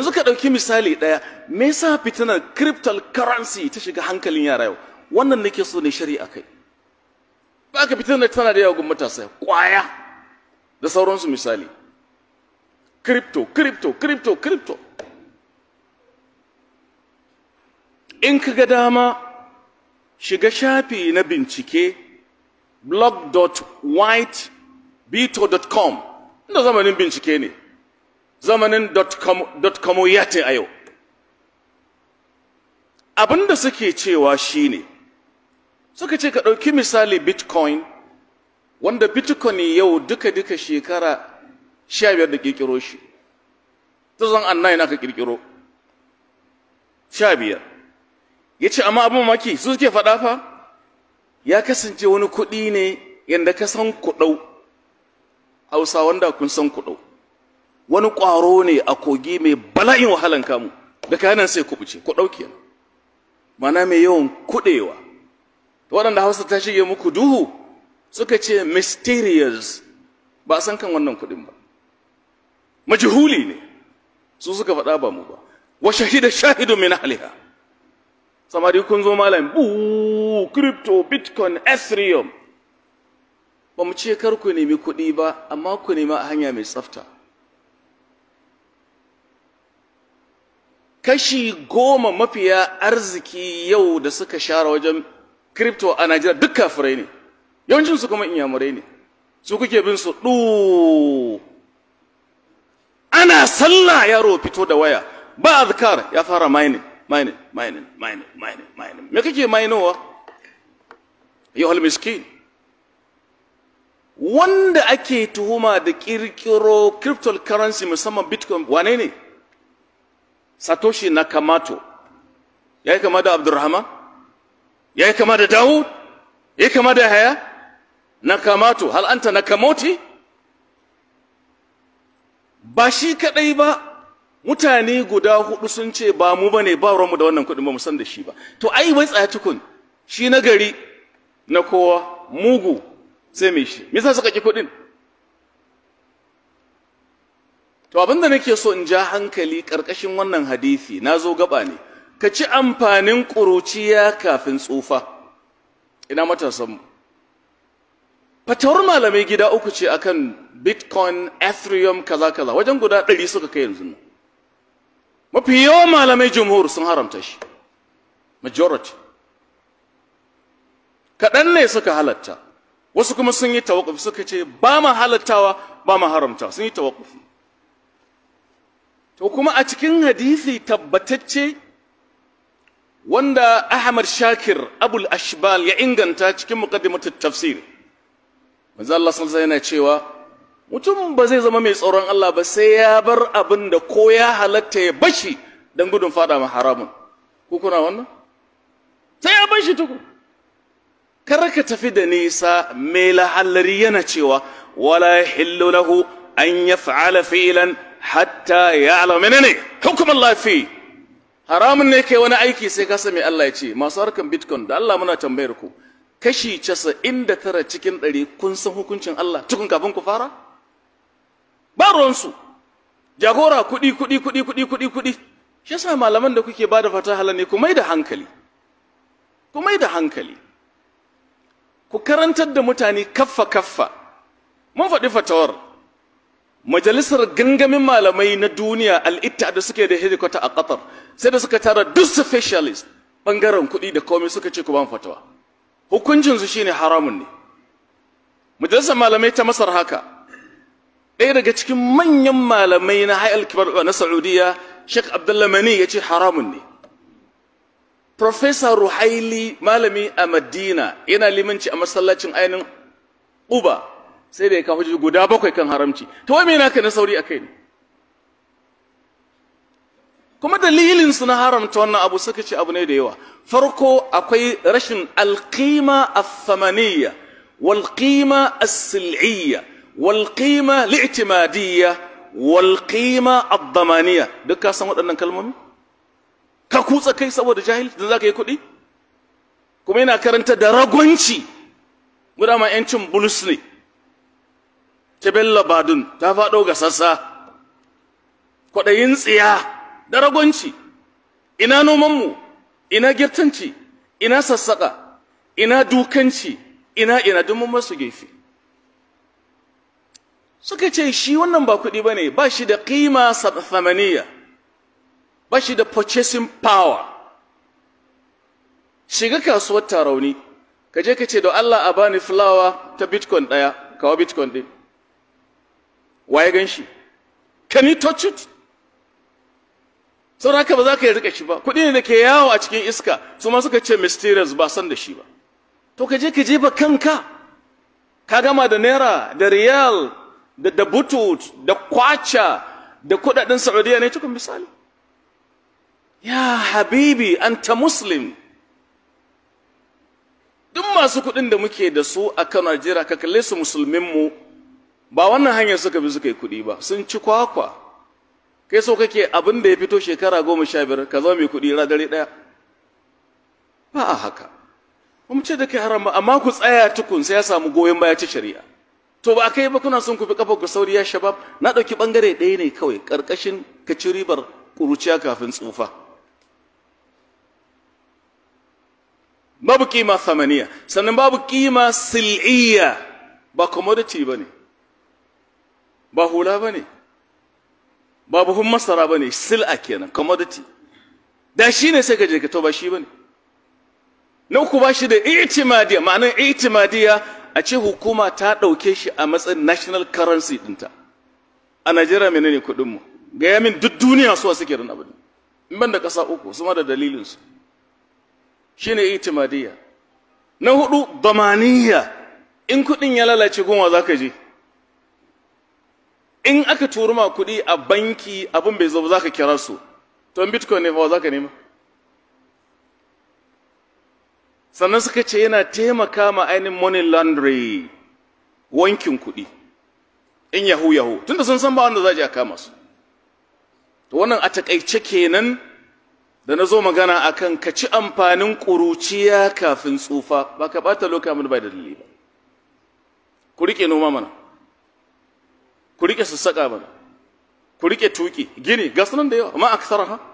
yanzu ka ɗauki misali ɗaya me yasa fitinar currency ta shiga hankalin yara yau wannan nake so ne shari'a kai ba ka fitinar tana da yawa matasa kwaya da sauransu misali crypto crypto crypto crypto in ka ga dama shiga shafi na bincike blog.whitebito.com inda zamanin bincike ne zamanin dotcomoyate a yau abinda suke cewa shine suka ce ka ɗauki misali bitcoin wanda bitcoin yau duka-duka shekara sha biyar da ƙirƙiro shi tuzon annai ka ƙirƙiro sha biyar ya ce amma abin maki su suke faɗa fa ya kasance wani kuɗi ne yadda ka san kuɗau hausa wanda kun san kuɗau wani ƙwaro ne a kogi mai bala'in wahalan kamu da kayanan sai ku kubuce ku ɗauke mana mai yawan kuɗewa waɗanda hausa ta shige muku duhu suka ce mysterious ba san kan wannan kuɗin ba majhuli ne su suka faɗa ba mu ba wa shahida shahidu min ahliha samari kun zo malam bu crypto bitcoin ethereum ba mu ce kar ku nemi kuɗi ba amma ku nema a hanya mai tsafta kashi goma mafiya arziki yau da suka share wajen crypto a Najeriya duk kafirai ne yawancin su kuma inyamurai ne su kuke bin su ɗu ana sallah yaro fito da waya ba azkar ya fara mining mining mining mining mining mining me kake mining yuhal miskin wanda ake tuhuma da kirkiro cryptocurrency musamman bitcoin wane ne Satoshi Nakamoto ya yi kama da Abdurrahman ya yi kama da Dawud ya yi kama da Haya Nakamoto hal anta Nakamoti ba shi kadai ba mutane guda hudu sun ce ba mu bane ba ruwanmu da wannan kuɗin ba mu san da shi ba to ai wai tsaya tukun shi na gari na kowa mugu sai mai shi me yasa suka ki kuɗin to abinda nake so in ja hankali ƙarƙashin wannan hadisi na zo gaba ne ka ci amfanin ƙuruciya kafin tsufa ina matasanmu fatawar malamai gida uku ce akan bitcoin ethereum kaza kaza wajen guda ɗari suka kai yanzu mafi yawan malamai jumhur sun haramta shi majority kaɗan ne suka halatta wasu kuma sun yi tawakufi suka ce ba ma halattawa ba ma haramta sun yi tawakufi to kuma a cikin hadisi tabbatacce wanda Ahmad Shakir Abul Ashbal ya inganta cikin muqaddimatut tafsir manzo Allah sallallahu alaihi yana cewa mutum ba zai zama mai tsoron Allah ba sai ya bar abin da ko ya halatta ya bashi dan gudun fada ma haramun ku kuna wannan sai ya bashi tuku kar ka tafi da nisa mai lahallari yana cewa wala yahillu lahu an yaf'ala fi'lan hatta ya alamu ne hukumar lafi haramun ne ke wani aiki sai ka sami Allah ya ce masu harkan bitcoin da Allah muna tambayar ku kashi casa'in da tara cikin ɗari kun san hukuncin Allah tukun kafin ku fara ba ruwansu jagora kuɗi kuɗi kuɗi kuɗi kuɗi kuɗi shi yasa malaman da kuke bada fata hala ne ku mai da hankali ku mai da hankali ku karantar da mutane kaffa kaffa mun faɗi fatawar majalisar gangamin malamai na duniya al'itta da suke da hedikwata a ƙatar, sai da suka tara duk specialist bangaren kuɗi da komai suka ce ku ban fatawa Hukuncinsu su shine haramun ne majalisar malamai ta masar haka ɗaya daga cikin manyan malamai na hayal kibar na saudiya sheikh abdullah mani ya ce haramun ne professor ruhaili malami a madina yana limanci a masallacin ainihin uba sai da ya kawo hujjoji guda bakwai kan haramci to wai me naka na sauri akai ne kuma dalilin su na haramta wannan abu suka ce abu ne da yawa farko akwai rashin alqima athamaniyya wal qima as-sil'iyya wal qima li'timadiyya wal qima ad-damaniyya duk ka san waɗannan kalmomi ka kutsa kai saboda jahil dan zaka yi kuɗi kuma yana karanta da ragunci mu ma yancin bulus ne ta bella badun ta faɗo ga sassa kwaɗayin tsiya daragonci ragonci ina nomanmu ina girtanci ina sassaƙa ina dukanci ina ina dumin masu gefe suka ce shi wannan ba kuɗi ba ne ba shi da ƙima samaniya ba shi da purchasing power shiga kasuwar tarauni ka je ka ce da Allah a bani fulawa ta bitcoin ɗaya kawo bitcoin ɗin Wa ya gan shi can you touch it saboda haka ba za ka yi rika shi ba kuɗi ne da ke yawo a cikin iska su ma suka ce mysterious ba san da shi ba to ka je ka jefa kanka ka gama da naira da riyal da da butut da kwacha da kuɗaɗen saudiya ne cikin misali ya habibi anta muslim duk masu kuɗin da muke da su a kan najeriya ka kalle su mu. ba wannan hanyar suka bi suka yi kuɗi ba sun ci kwakwa kai so kake abin da ya fito shekara goma sha biyar ka zama mai kuɗi ra dare ɗaya ba a haka mu ce da kai haram ba amma ku tsaya tukun sai ya samu goyon baya ta shari'a to ba kai ba kuna son ku fi kafa ku sauri ya shabab na ɗauki ɓangare ɗaya ne kawai ƙarƙashin ka ci ribar ƙuruciya kafin tsufa babu kima samaniya sannan babu kima sil'iyya ba commodity ba ne ba hula ba ne ba buhun masara ba ne sil'a kenan commodity da shi ne sai ka je ka to ba shi ba ne na uku ba shi da itimadiya ma'anin itimadiya a ce hukuma ta ɗauke shi a matsayin national currency ɗinta a najeriya menene kuɗinmu gaya min duk duniya suwa suke da abin in ban da ƙasa uku su ma da dalilinsu shi ne itimadiya na hudu domaniya in kuɗin ya lalace goma za ka je in aka turu ma kuɗi a banki abin bai zo ba za ka kira su to bitcoin ne ba za ka nema sannan suka ce yana taimaka ma ainihin money laundry wankin kuɗi in yahu yahu tun da sun san ba wanda za a kama su to wannan a takaice kenan da na zo magana a kan ka ci amfanin ƙuruciya kafin tsufa ba ka ɓata lokacin ba da dalili ba ku riƙe noma mana ku rike sassaƙa mana ku rike tuki gini gas nan da yawa ma ha.